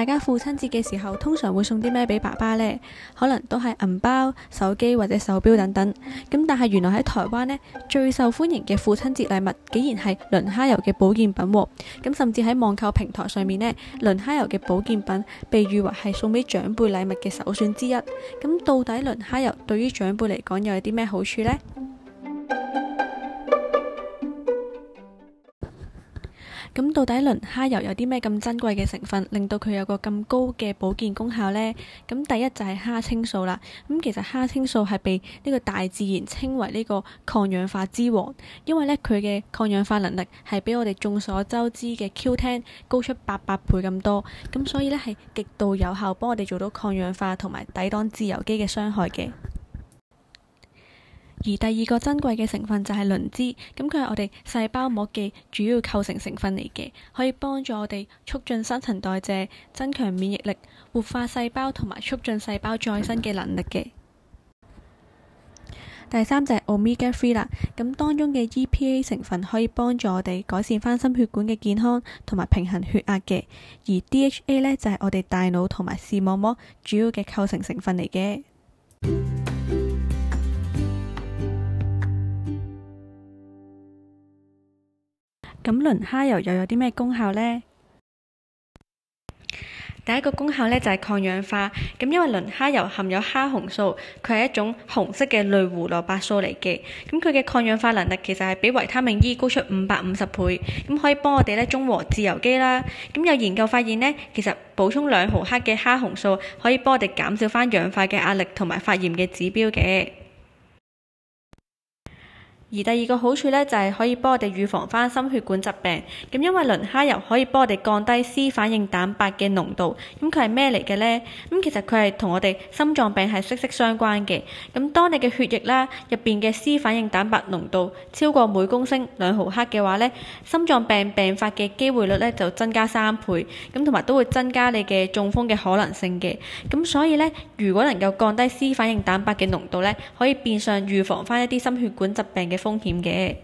大家父親節嘅時候通常會送啲咩俾爸爸呢？可能都係銀包、手機或者手錶等等。咁但係原來喺台灣呢，最受歡迎嘅父親節禮物竟然係磷蝦油嘅保健品。咁甚至喺網購平台上面呢，磷蝦油嘅保健品被譽為係送俾長輩禮物嘅首選之一。咁到底磷蝦油對於長輩嚟講又有啲咩好處呢？咁到底磷蝦油有啲咩咁珍貴嘅成分，令到佢有個咁高嘅保健功效呢？咁第一就係蝦青素啦。咁其實蝦青素係被呢個大自然稱為呢個抗氧化之王，因為呢，佢嘅抗氧化能力係比我哋眾所周知嘅 Q10 高出八百倍咁多，咁所以呢，係極度有效幫我哋做到抗氧化同埋抵擋自由基嘅傷害嘅。而第二個珍貴嘅成分就係磷脂，咁佢係我哋細胞膜嘅主要構成成分嚟嘅，可以幫助我哋促進新陳代謝、增強免疫力、活化細胞同埋促進細胞再生嘅能力嘅。嗯、第三隻 Omega three 啦，咁當中嘅 EPA 成分可以幫助我哋改善翻心血管嘅健康同埋平衡血壓嘅，而 DHA 呢，就係我哋大腦同埋視網膜主要嘅構成成分嚟嘅。嗯咁磷蝦油又有啲咩功效呢？第一個功效呢，就係抗氧化，咁因為磷蝦油含有蝦紅素，佢係一種紅色嘅類胡蘿蔔素嚟嘅，咁佢嘅抗氧化能力其實係比維他命 E 高出五百五十倍，咁可以幫我哋咧中和自由基啦。咁有研究發現呢，其實補充兩毫克嘅蝦紅素可以幫我哋減少翻氧化嘅壓力同埋發炎嘅指標嘅。而第二個好處咧，就係、是、可以幫我哋預防翻心血管疾病。咁、嗯、因為磷蝦油可以幫我哋降低 C 反應蛋白嘅濃度。咁佢係咩嚟嘅呢？咁、嗯、其實佢係同我哋心臟病係息息相關嘅。咁、嗯、當你嘅血液啦，入邊嘅 C 反應蛋白濃度超過每公升兩毫克嘅話呢，心臟病病發嘅機會率咧就增加三倍。咁同埋都會增加你嘅中風嘅可能性嘅。咁、嗯、所以呢，如果能夠降低 C 反應蛋白嘅濃度呢，可以變相預防翻一啲心血管疾病嘅。風險嘅。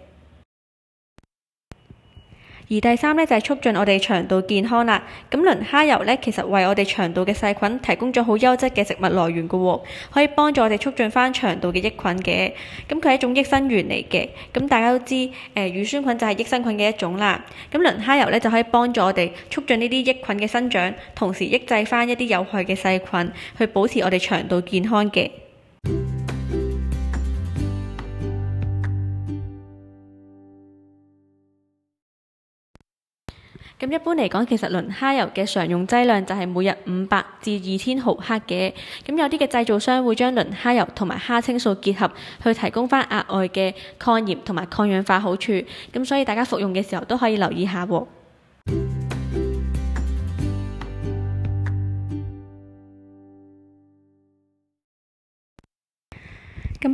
而第三呢，就係、是、促進我哋腸道健康啦。咁磷蝦油呢，其實為我哋腸道嘅細菌提供咗好優質嘅食物來源嘅喎、哦，可以幫助我哋促進翻腸道嘅益菌嘅。咁佢係一種益生元嚟嘅。咁大家都知、呃、乳酸菌就係益生菌嘅一種啦。咁磷蝦油呢，就可以幫助我哋促進呢啲益菌嘅生長，同時抑制翻一啲有害嘅細菌，去保持我哋腸道健康嘅。咁一般嚟講，其實磷蝦油嘅常用劑量就係每日五百至二千毫克嘅。咁有啲嘅製造商會將磷蝦油同埋蝦青素結合，去提供返額外嘅抗炎同埋抗氧化好處。咁所以大家服用嘅時候都可以留意下喎。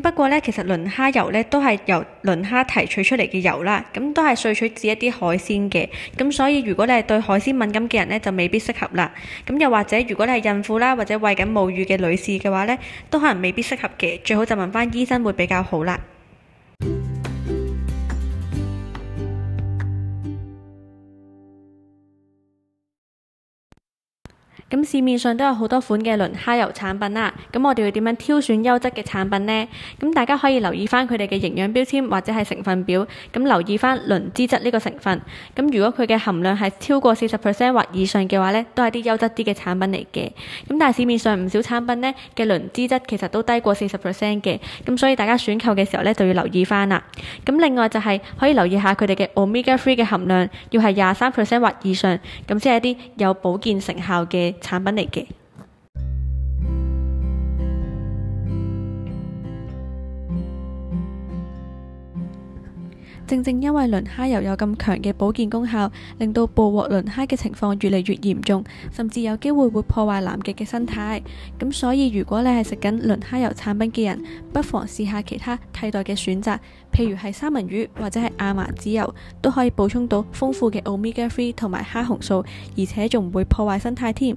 不過呢，其實磷蝦油呢都係由磷蝦提取出嚟嘅油啦，咁都係萃取自一啲海鮮嘅，咁所以如果你係對海鮮敏感嘅人呢，就未必適合啦。咁又或者如果你係孕婦啦，或者餵緊母乳嘅女士嘅話呢，都可能未必適合嘅，最好就問翻醫生會比較好啦。 咁市面上都有好多款嘅磷蝦油產品啦。咁我哋要點樣挑選優質嘅產品呢？咁大家可以留意翻佢哋嘅營養標籤或者係成分表，咁留意翻磷脂質呢個成分。咁如果佢嘅含量係超過四十 percent 或以上嘅話呢，都係啲優質啲嘅產品嚟嘅。咁但係市面上唔少產品呢嘅磷脂質其實都低過四十 percent 嘅，咁所以大家選購嘅時候呢就要留意翻啦。咁另外就係、是、可以留意下佢哋嘅 omega three 嘅含量要係廿三 percent 或以上，咁先係啲有保健成效嘅。產品嚟嘅，正正因為磷蝦油有咁強嘅保健功效，令到捕獲磷蝦嘅情況越嚟越嚴重，甚至有機會會破壞南極嘅生態。咁所以，如果你係食緊磷蝦油產品嘅人，不妨試下其他替代嘅選擇，譬如係三文魚或者係亞麻籽油，都可以補充到豐富嘅 omega three 同埋蝦紅素，而且仲唔會破壞生態添。